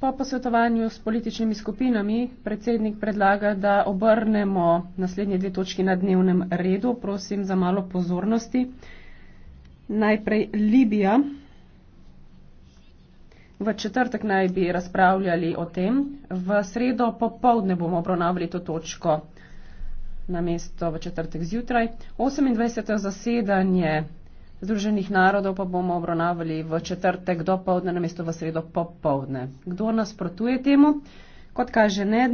Po posvetovanju s političnimi skupinami predsednik predlaga, da obrnemo naslednje dve točki na dnevnem redu. Prosim za malo pozornosti. Najprej Libija. V četrtek naj bi razpravljali o tem. V sredo popovdne bomo obravnavali to točko na mesto v četrtek zjutraj. 28. zasedanje Združenih narodov pa bomo obravnavali v četrtek do povdne, namesto v sredo popovdne. Kdo nasprotuje temu? Kot kaže, ne.